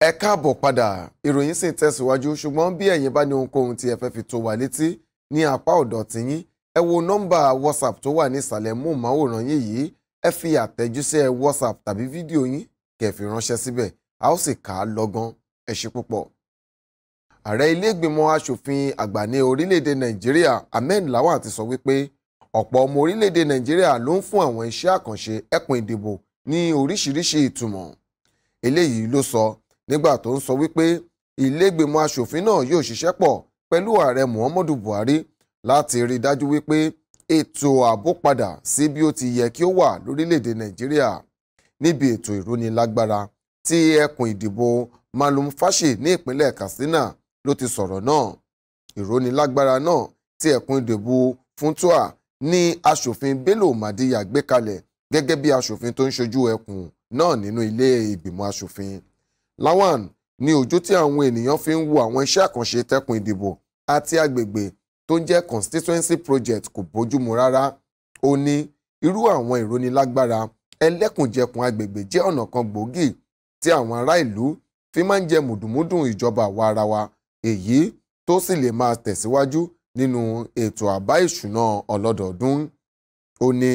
ẹ káàbọ̀ padà ìròyìn sì ń tẹ̀síwájú ṣùgbọ́n bí ẹ̀yin bá ní ohunkóhun tí ẹ fẹ́ fi tó wa létí ní apá ọ̀dọ̀ tìyín ẹ wo nọ́mbà whatsapp tó wà ní ìsàlẹ̀ móhùnmáwòrán yín yìí ẹ fi àtẹ̀jíṣẹ́ whatsapp tàbí fídíò yín kẹ́ fi ránṣẹ́ síbẹ̀ a ó sì kà á lọ́gán ẹ ṣe púpọ̀. ààrẹ ilé ìgbìmọ̀ asòfin àgbà ní orílẹ̀-èdè nàìjíríà ahmed lawan ti sọ wípé ọ̀pọ̀ ọmọ orílẹ̀-èdè nàìjíríà ló ń fún àwọn iṣẹ́ àkànṣe ẹkùn ìdìbò ní oríṣiríṣi ìtumọ̀ eléyìí ló sọ nígbà tó ń sọ wípé ìlẹ́gbẹ̀mọ aṣòfin náà yóò ṣiṣẹ́ pọ̀ pẹ̀lú ààrẹ Muhammadu Buhari láti rí dájú wípé ètò ààbò padà sí bí ó ti yẹ kí ó wà lórílẹ̀‐èdè Nàìjíríà níbi ètò ìrónilágbára tí ẹkùn ìdìbò Malum Fashi ní ìpínlẹ̀ Katsina ló ti sọ̀rọ̀ náà ìrónilágbára náà tí ẹkùn ìdìbò Funtua ní aṣòfin Bello Madiya gbé kalẹ̀ gẹ́gẹ́ bí aṣòfin tó ń ṣojú ẹkùn náà nínú ilé ìgbìmọ̀ aṣòfin Lawan ni ojú tí àwọn ènìyàn fi ń wo àwọn iṣẹ́ àkànṣe tẹ́kùn ìdìbò àti agbègbè tó ń jẹ́ constituency project kò bójúmu rárá ó ní irú àwọn ìrónilágbára ẹlẹ́kùnjẹkùn agbègbè jẹ́ ọ̀nà kan gbòógì tí àwọn ará ìlú fi máa ń jẹ mùdùmúdùn ìjọba àwa ara wa èyí tó sì lè máa tẹ̀síwájú nínú ètò àbá ìṣúná ọlọ́dọọdún ó ní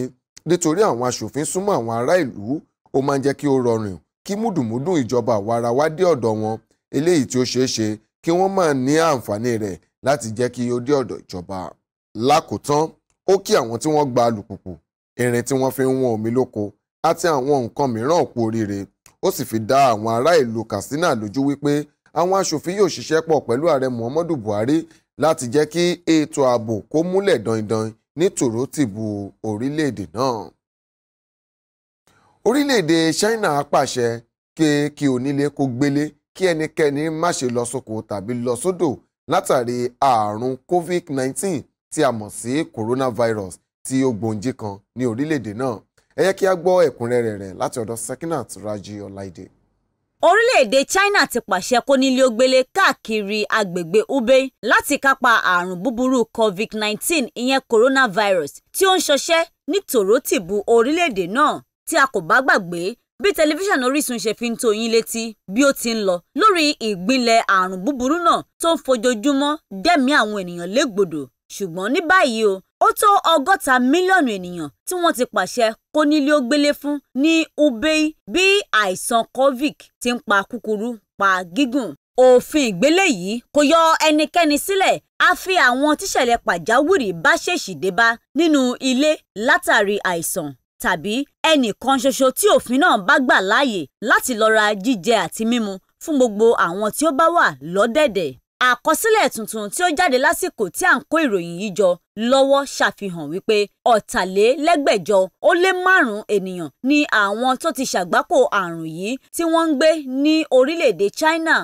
nítorí àwọn aṣòfin súnmọ́ àwọn ará ìlú ó máa ń jẹ́ kí ó rọrùn kí múdùmúdùn ìjọba àwarawa dé ọ̀dọ̀ wọn eléyìí tí ó ṣeé ṣe kí wọ́n máa ní àǹfààní rẹ̀ láti jẹ́ kí ó dé ọ̀dọ̀ ìjọba. lákòótán ó kí àwọn tí wọ́n gba alùpùpù irin tí wọ́n fi ń wọn omi lóko àti àwọn nǹkan mìíràn kú oríire ó sì fi dá àwọn ará ìlú Katsina lójú wípé àwọn aṣòfin yóò ṣiṣẹ́ pọ̀ pẹ̀lú ààrẹ Muhammadu Buhari láti jẹ́ kí ètò ààbò kó múlẹ̀ dandan ní tòrótìbù orílẹ̀-èdè náà orílẹ̀-èdè China pàṣẹ pé kí onílé kó gbélé kí ẹnikẹ́ni má ṣe lọ sóko tàbí lọ sódò látàrí ààrùn COVID-19 tí a mọ̀ sí coronavirus tí ó gbòǹjì kan ní orílẹ̀-èdè náà ẹ yẹ kí a gbọ́ ẹ̀kúnrẹ́rẹ́ rẹ̀ láti ọ̀dọ̀ Sekinat Raji Ọláìdé orílẹ̀-èdè China ti pàṣẹ kónílé-ó-gbélé káàkiri agbègbè Hubei láti kápá àrùn búburú COVID-19 ìyẹn coronavirus tí ó ń ṣọṣẹ́ ní tòrótìbù orílẹ̀-èdè náà tí a kò bá gbàgbé bí tẹlifíṣàn Orísun ṣe fi ń tó yín létí bí ó ti ń lọ lórí ìgbìnlẹ̀ àrùn búburú náà tó ń fojoojúmọ́ dẹ́mi àwọn ènìyàn légbodò ṣùgbọ́n ní báyìí o ó tó ọgọ́ta mílíọ̀nù ènìyàn tí wọ́n ti pàṣẹ kó nílé ó gbélé fún ní Hubei bí àìsàn covid ti ń pa kúkúrú pa gígùn òfin ìgbélé yìí kò yọ ẹnikẹ́ni sílẹ̀ a fi àwọn tíṣẹ̀lẹ̀ pàjáwìrì bá ṣèṣì dé bá nínú ilé látàrí àìsàn tàbí ẹnìkan ṣoṣo tí òfin náà bá gbà láàyè láti lọ ra jíjẹ àti mímu fún gbogbo àwọn tí ó bá wà lọ́dẹ̀dẹ̀. Àkọsílẹ̀ tuntun tí ó jáde lásìkò tí à ń kó ìròyìn yìí jọ lọ́wọ́ ṣàfihàn wípé ọ̀tàlélẹ́gbẹ̀jọ ó lé márùn-ún ènìyàn ni àwọn tó ti ṣàgbákò àrùn yìí tí wọ́n ń gbé ní orílẹ̀-èdè China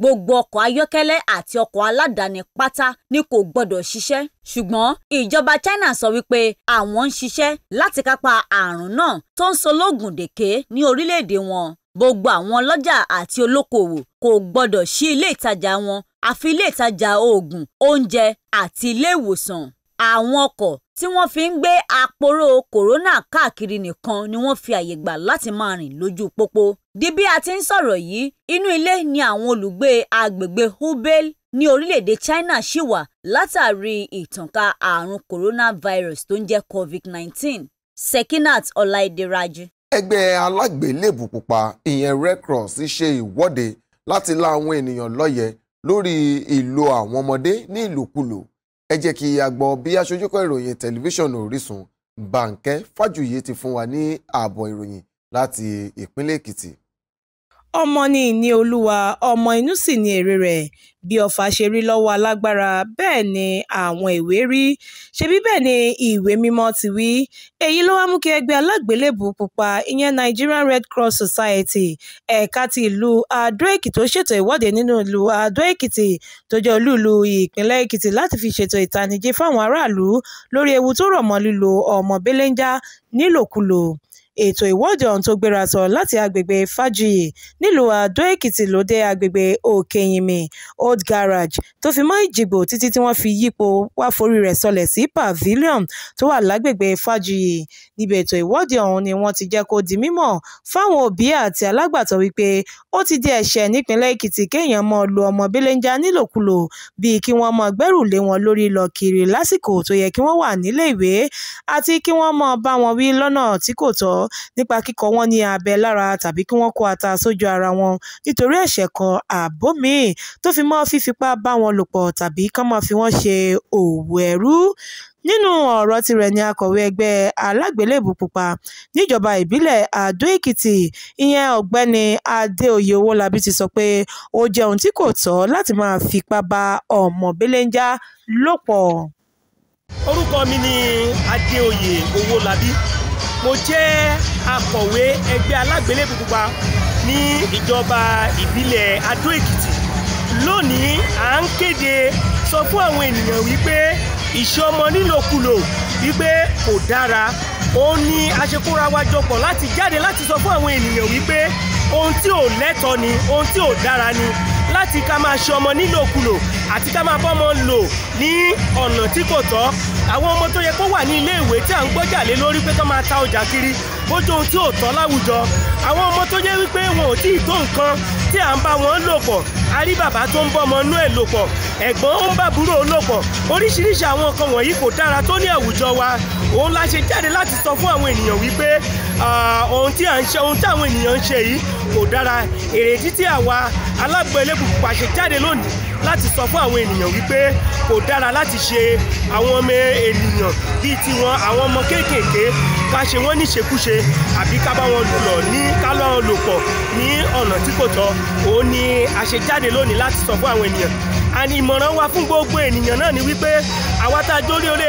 gbogbo ọkọ̀ ayọ́kẹ́lẹ́ àti ọkọ̀ aládàáni pátá ni kò gbọdọ̀ ṣiṣẹ́ ṣùgbọ́n ìjọba China sọ wípé àwọn ń ṣiṣẹ́ láti kápá àrùn náà tó ń sológun dèké ní orílẹ̀-èdè wọn gbogbo àwọn ọlọ́jà àti olókoòwò kò gbọdọ̀ ṣí ilé ìtajà wọn àfi ilé ìtajà oògùn oúnjẹ àti ilé ìwòsàn àwọn ọkọ̀ tí wọ́n fi ń gbé àporó kòrónà káàkiri nìkan ni wọ́n fi àyè gbà láti máa rìn lójú pópó. di bí a ti ń sọ̀rọ̀ yìí inú ilé ni àwọn olùgbé agbègbè Hubei ní orílẹ̀-èdè China ṣì wà látàrí ìtànká àrùn coronavirus tó ń jẹ́ COVID-19. Sekinat Ọláìdé Rájí. ẹgbẹ́ alágbèélébù pupa ìyẹn Red Cross ṣe ìwọ́de láti la àwọn ènìyàn lọ́yẹ̀ lórí ìlò àwọn ọmọdé ní ìlòkulò ẹ jẹ́ kí a gbọ́ bí aṣojúkọ ìròyìn tẹlifíṣàn Orísun Bànkẹ́ Fájuyì ti fún wa ní ààbọ̀ ìròyìn láti ìpínlẹ̀ Èkìtì ọmọ ni ìní olúwa ọmọ inú sì ni èrè rẹ̀ bí ọfà ṣe rí lọ́wọ́ alágbára bẹ́ẹ̀ ni àwọn ìwé rí ṣebí bẹ́ẹ̀ ni ìwé mímọ́ ti wí èyí ló wá mú kí ẹgbẹ́ alágbélébùú pupa ìyẹn Nigerian Red Cross Society ẹ̀ka ti ìlú Adó-Èkìtì tó ṣètò ìwọ́de nínú ìlú Adó-Èkìtì tó jẹ́ olúùlú ìpínlẹ̀ Èkìtì láti fi ṣètò ìtanijí fáwọn aráàlú lórí ewu tó rọ̀ mọ́ lílo ọmọ belenja nílòkulò ètò ìwọ́de ọ̀hún tó gbérasọ láti agbègbè fájuyì nílùú àdó-èkìtì ló dé agbègbè òkèyìnmí old garage tó fi mọ́ ìjìgbò títí tí wọ́n fi yípo wá forí rẹ̀ sọlẹ̀ sí pavilion tó wà lágbègbè fájuyì níbi ètò ìwọ́de ọ̀hún ni wọ́n ti jẹ́ kó di mímọ̀ fáwọn òbí àti alágbàtọ́ wípé ó ti di ẹ̀ṣẹ̀ nípínlẹ̀ èkìtì kéèyàn mọ́ lu ọmọ belenja nílòkulò bíi kí wọ́n mọ́ gbẹ́rù lé wọn lórí lọ kiri lásìkò tó yẹ kí wọ́n wà níléèwé àti kí wọ́n mọ́ bá wọn wí lọ́nà tí kò tọ́ ẹ̀kọ́ nípa kíkọ wọ́n ní abẹ lára tàbí kí wọ́n kó ata sójú ara wọn nítorí ẹ̀ṣẹ̀ kan ààbò míì tó fi mọ́ fífipá bá wọn lò pọ̀ tàbí kán máa fi wọ́n ṣe òwò ẹrú nínú ọ̀rọ̀ tirẹ̀ ni akọ̀wé ẹgbẹ́ alágbélébù pupa níjọba ìbílẹ̀ àdó-èkìtì ìyẹn ọ̀gbẹ́ni adéoyè owólabí ti sọ pé ó jẹ́ ohun tí kò tọ́ láti máa fipá bá ọmọ belenja lò pọ̀. orúkọ mi ni adéoyè owólabí mo jẹ́ akọ̀wé ẹgbẹ́ alágbélébù pupa ní ìjọba ìbílẹ̀ adó-èkìtì lónìí à ń kéde sọ fún àwọn ènìyàn wípé ìṣọmọ nílòkulò wípé kò dára ó ní aṣekúra wa jọpọ̀ láti jáde láti sọ fún àwọn ènìyàn wípé ohun tí ò lẹ́tọ̀ọ́ ni ohun tí ò dára ni láti ká máa ṣe ọmọ nílòkulò àti ká máa bọ́mọ lò ní ọ̀nà tí kò tọ́ àwọn ọmọ tó yẹ kó wà ní ilé tí à ń gbọ́jà lé lórí pé kó máa ta ọjà kiri bójú ohun tí ò tọ́ láwùjọ àwọn ọmọ tó yẹ wípé wọn ò tí ì tó nǹkan tí à ń bá wọn lò pọ̀ a rí bàbá tó ń bọ́mọ inú ẹ̀ lò pọ̀ ẹ̀gbọ́n ó ń bàbúrò lòpọ̀ oríṣiríṣi àwọn nǹkan wọ̀nyí kò dára tó ní àwùjọ wa òun la ṣe jáde láti sọ fún àwọn ènìyàn wípé ohun tí à ń ṣe ohun tí àwọn ènìyàn ń ṣe yìí kò dára èrèdí tí àwa alágbó elébùkún pàṣẹ jáde lónìí láti sọ fún àwọn ènìyàn wípé kò dára láti ṣe àwọn ọmọ ènìyàn bíi tiwọn àwọn ọmọ kéékèèké ká ṣe wọ́n níṣekúṣe àbí ká bá wọn lò ní ká lọ́ lò pọ̀ ní ọ̀nà tí kò tọ́ òun ni a ṣe lónìí láti sọ fún àwọn ènìyàn àní ìmọ̀ràn wa fún gbogbo ènìyàn náà ni wípé àwa tá a jórí olè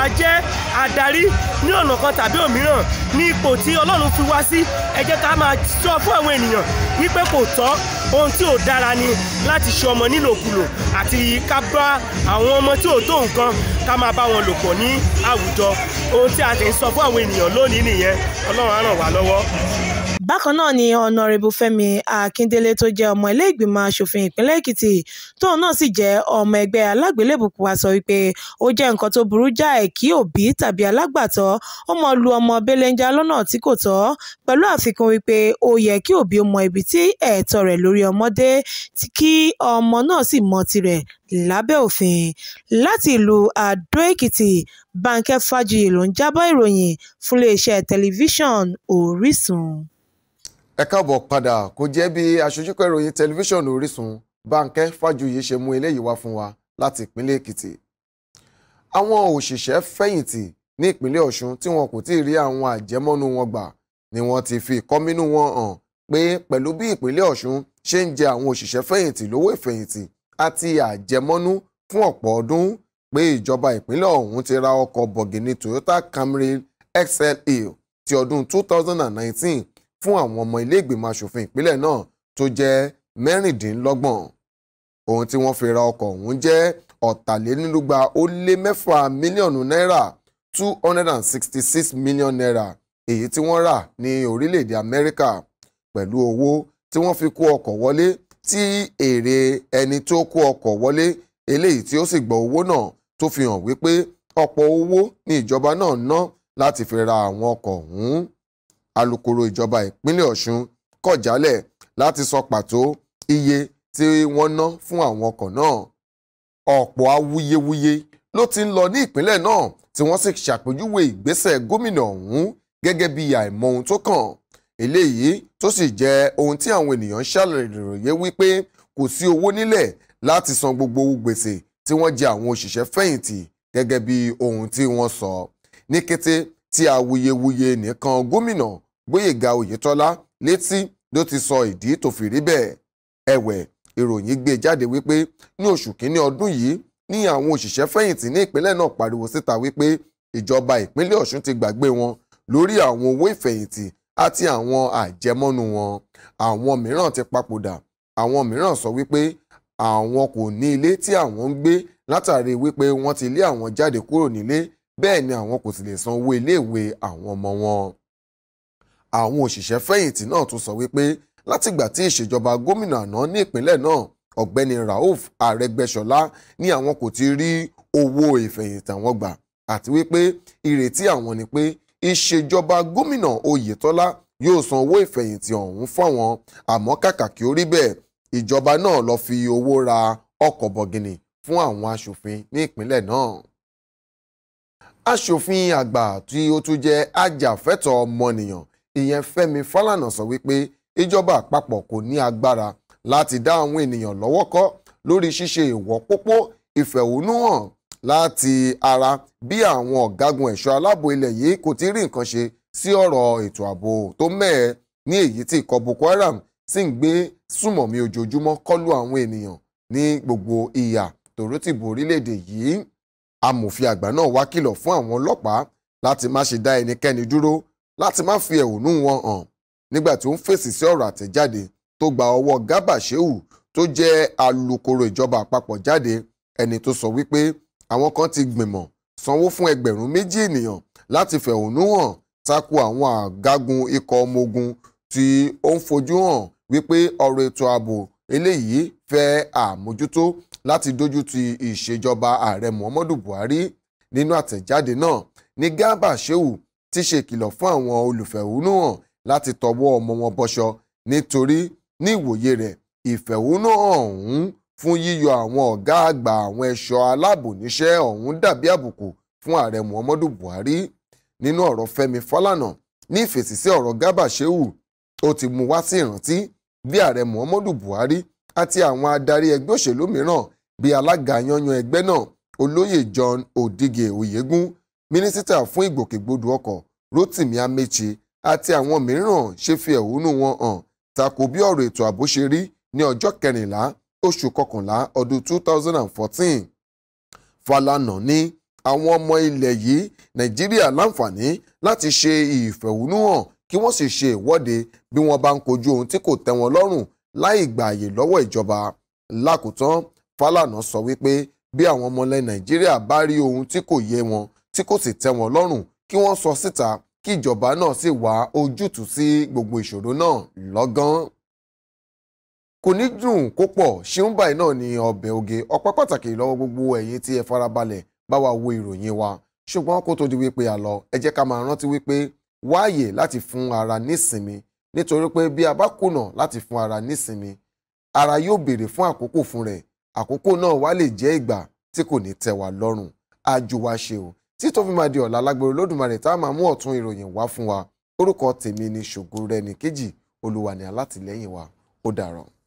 a jẹ́ adarí ní ọ̀nà kan tàbí òmíràn ní ipò tí ọlọ́run fi wá sí ẹ jẹ́ ká máa sọ fún àwọn ènìyàn wípé kò tọ́ ohun tí ò dára ni láti ṣe ọmọ nílòkulò àti ká bá àwọn ọmọ tí ò tó nǹkan ká máa bá wọn lò pọ̀ ní àwùjọ ohun tí a ti ń sọ fún àwọn ènìyàn lónìí nìyẹn ọlọ́run á ràn wá lọ́wọ́. Bákan náà ni Ọ̀nàrẹ́bù Fẹ́mi Akíndélé tó jẹ́ ọmọ ilé ìgbìmọ̀ aṣòfin ìpínlẹ̀ Èkìtì tóun náà sì jẹ́ ọmọ ẹgbẹ́ alágbélébùú wa sọ wípé ó jẹ́ nǹkan tó burú jáì kí òbí tàbí alágbàtọ́ ó máa lu ọmọ bélenja lọ́nà tí kò tọ́ pẹ̀lú àfikún wípé ó yẹ kí òbí ó mọ ibi tí ẹ̀tọ́ rẹ̀ lórí ọmọ dé kí ọmọ náà sì mọ tirẹ̀ lábẹ́ òfin láti ìlú Adó-Èkìtì Bánkẹ́ Fájuyì ló ń jábọ̀ ìròyìn fún iléeṣẹ́ tẹlifíṣàn Orísun ẹ káàbọ̀ padà kò jẹ́ bí aṣojúkọ̀ ìròyìn tẹlifíṣàn Orísun Bánkẹ́ Fájuyì ṣe mú eléyìí wá fún wa láti ìpínlẹ̀ Èkìtì àwọn òṣìṣẹ́ fẹ̀yìntì ní ìpínlẹ̀ Ọ̀ṣun tí wọn kò tí ì rí àwọn àjẹmọ́nú wọn gbà ni wọ́n ti fi ìkọ́mínú wọn hàn pé pẹ̀lú bí ìpínlẹ̀ Ọ̀ṣun ṣe ń jẹ àwọn òṣìṣẹ́ fẹ̀yìntì lówó ìfẹ̀yìntì àti àjẹmọ́nú fún ọ̀pọ̀ ọdún pé ìjọba ìpínlẹ̀ ọ̀hún ti ra ọkọ̀ bọ̀gìnì Toyota Camry XLE ti ọdún 2019 fún àwọn ọmọ ilé ìgbìmọ̀ asòfin ìpínlẹ̀ náà tó jẹ́ mẹ́rìndínlọ́gbọ̀n ohun tí wọ́n fi ra ọkọ̀ ọ̀hún jẹ́ ọ̀tàlénílúgba ó lé mẹ́fà mílíọ̀nù náírà two hundred and sixty-six million naira èyí tí wọ́n rà ní orílẹ̀-èdè Amẹ́ríkà pẹ̀lú owó tí wọ́n fi kó ọkọ̀ wọlé tí èrè ẹni tó kó ọkọ̀ wọlé eléyìí tí ó sì gbọ́ owó náà tó fi hàn wípé ọ̀pọ̀ owó ni ìjọba náà ná láti fi ra àwọn ọkọ̀ ọ̀hún alukoro ìjọba ìpínlẹ̀ Ọ̀ṣun kọ̀ jálẹ̀ láti sọ pàtó iye tí wọ́n ná fún àwọn ọkọ̀ náà ọ̀pọ̀ awuyewuye ló ti ń lọ ní ìpínlẹ̀ náà tí wọ́n sì ṣàpèjúwe ìgbésẹ̀ gómìnà ọ̀hún gẹ́gẹ́ bí àìmọ̀ ohun tó kàn eléyìí tó sì jẹ́ ohun tí àwọn ènìyàn ṣàlàyé wípé kò sí owó nílẹ̀ láti san gbogbo gbèsè tí wọ́n jẹ àwọn òṣìṣẹ́ fẹ̀yìntì gẹ́gẹ́ bí ohun tí wọ́n sọ ní kété tí awuyewuye nìkan gómìnà Gbóyèga Oyètọ́lá létí ló ti sọ ìdí tó fi rí bẹ́ẹ̀ ẹ̀wẹ̀ ìròyìn gbé e jáde wípé ní oṣù kínní ọdún yìí ní àwọn òṣìṣẹ́ fẹ̀yìntì ní ìpínlẹ̀ náà pariwo síta wípé ìjọba ìpínlẹ̀ Ọ̀ṣun ti gbàgbé wọn lórí àwọn owó ìfẹ̀yìntì àti àwọn àjẹmọ́nú wọn àwọn mìíràn ti papòdà àwọn mìíràn sọ wípé àwọn kò ní ilé tí àwọn ń gbé látàrí wípé wọ́n ti lé àwọn jáde kúrò nílé bẹ́ẹ̀ ni àwọn kò sì lè san owó iléèwé àwọn ọmọ wọn. àwọn òṣìṣẹ́ fẹ̀yìntì náà tún sọ wípé látìgbà tí ìṣèjọba gómìnà àná ní ìpínlẹ̀ náà ọ̀gbẹ́ni Rauf Arẹ́gbẹ́ṣọlá ní àwọn kò ti rí owó ìfẹ̀yìntì àwọn gbà àti wípé ìrètí àwọn ni pé ìṣèjọba gómìnà Oyètọ́lá yóò san owó ìfẹ̀yìntì ọ̀hún fáwọn àmọ́ kàkà kí ó rí bẹ́ẹ̀ ìjọba náà lọ fi owó ra ọkọ̀ bọ̀gìnì fún àwọn aṣòfin ní ìpínlẹ̀ náà aṣòfin àgbà tí ó tún jẹ́ ajàfẹ́tọ̀ ọmọnìyàn ìyẹn Fẹ́mi Fálànà sọ wípé ìjọba àpapọ̀ kò ní agbára láti dá àwọn ènìyàn lọ́wọ́ kọ́ lórí ṣíṣe ìwọ̀ pópó ìfẹ̀hónúhàn láti ara bí àwọn ọ̀gágun ẹ̀ṣọ́ aláàbò ilẹ̀ yìí kò ti rí nǹkan ṣe sí ọ̀rọ̀ ètò ààbò tó mẹ́ẹ̀ ní èyí tí ikọ̀ Boko Haram sì ń gbé sùmọ̀mí ojoojúmọ́ kọlù àwọn ènìyàn ní gbogbo ìyà tòrótìbò orílẹ̀ yìí amòfin àgbà náà wá kìlọ̀ fún àwọn ọlọ́pàá láti má ṣe dá ẹnikẹ́ni dúró láti má fi ẹ̀hónú wọn hàn nígbà tí ó ń fèsì sí ọ̀rọ̀ àtẹ̀jáde tó gba ọwọ́ Garba Shehu tó jẹ́ alukoro ìjọba àpapọ̀ jáde ẹni tó sọ wípé àwọn kan ti gbìmọ̀ sanwó fún ẹgbẹ̀rún méjì ènìyàn láti fẹ̀hónú hàn takò àwọn àgágun ikọ̀ ọmọ ogun tí ó ń fojú hàn wípé ọ̀rọ̀ ètò ààbò eléyìí fẹ́ àmójútó láti dojú ti ìṣèjọba ààrẹ Muhammadu Buhari nínú àtẹ̀jáde náà ní Garba Shehu ti ṣe ìkìlọ̀ fún àwọn olùfẹ̀hónúhàn láti tọwọ́ ọmọ wọn bọṣọ nítorí ní ìwòye rẹ̀ ìfẹ̀hónúhàn ọ̀hún fún yíyọ àwọn ọ̀gá àgbà àwọn ẹ̀ṣọ́ aláàbò níṣẹ́ ọ̀hún dàbí àbùkù fún ààrẹ Muhammadu Buhari nínú ọ̀rọ̀ Fẹ́mi Fálànà ní ìfèsì sí ọ̀rọ̀ Garba Shehu ó ti mú wá sí ìrántí bí ààrẹ muhammadu buhari àti àwọn adarí ẹgbẹ́ òṣèlú mìíràn bí alága yanyan ẹgbẹ́ náà olóyè john odige oyegun mínísítà fún ìgbòkègbodò ọkọ̀ rotimi amechi àti àwọn mìíràn ṣe fi ẹ̀hónú wọn hàn tako bí ọ̀rọ̀ ètò ààbò ṣe rí ní ọjọ́ kẹrìnlá oṣù kọkànlá ọdún 2014 falana ní àwọn ọmọ ilẹ̀ yìí nàìjíríà láǹfààní láti ṣe ìfẹ̀hónúhàn kí wọ́n sì ṣe ìwọ́de bí wọ́n bá ń kojú ohun tí kò tẹ́ wọn lọ́rùn láì gba àyè lọ́wọ́ ìjọba lákòótán Fálànà sọ wípé bí àwọn ọmọlẹ̀ Nàìjíríà bá rí ohun tí kò yé wọn tí kò sì tẹ́ wọn lọ́rùn kí wọ́n sọ síta kí ìjọba náà sì wá ojútùú sí gbogbo ìṣòro náà lọ́gán kò ní dùn kó pọ̀ ṣeun náà ni ọbẹ̀ oge ọpẹ́ pàtàkì lọ́wọ́ gbogbo ẹ̀yin tí ẹ farabalẹ̀ bá wa wo ìròyìn wa ṣùgbọ́n kó tó di wípé a lọ ẹ jẹ́ ká máa rántí wípé wáàyè láti fún ara nísinmi nítorí pé bí a bá kùnà láti fún ara nísinmi ara yóò béèrè fún àkókò fún rẹ̀ àkókò náà wá lè jẹ́ ìgbà tí kò ní tẹ́ wa lọ́rùn àjò wa ṣe o tí tó máa di ọ̀la lágbèrè lódùmarè tá a máa mú ọ̀tún ìròyìn wá fún wa orúkọ tèmi ni ṣògo rẹ nìkejì olúwa ni alátìlẹ́yìn wa ó dàárọ̀.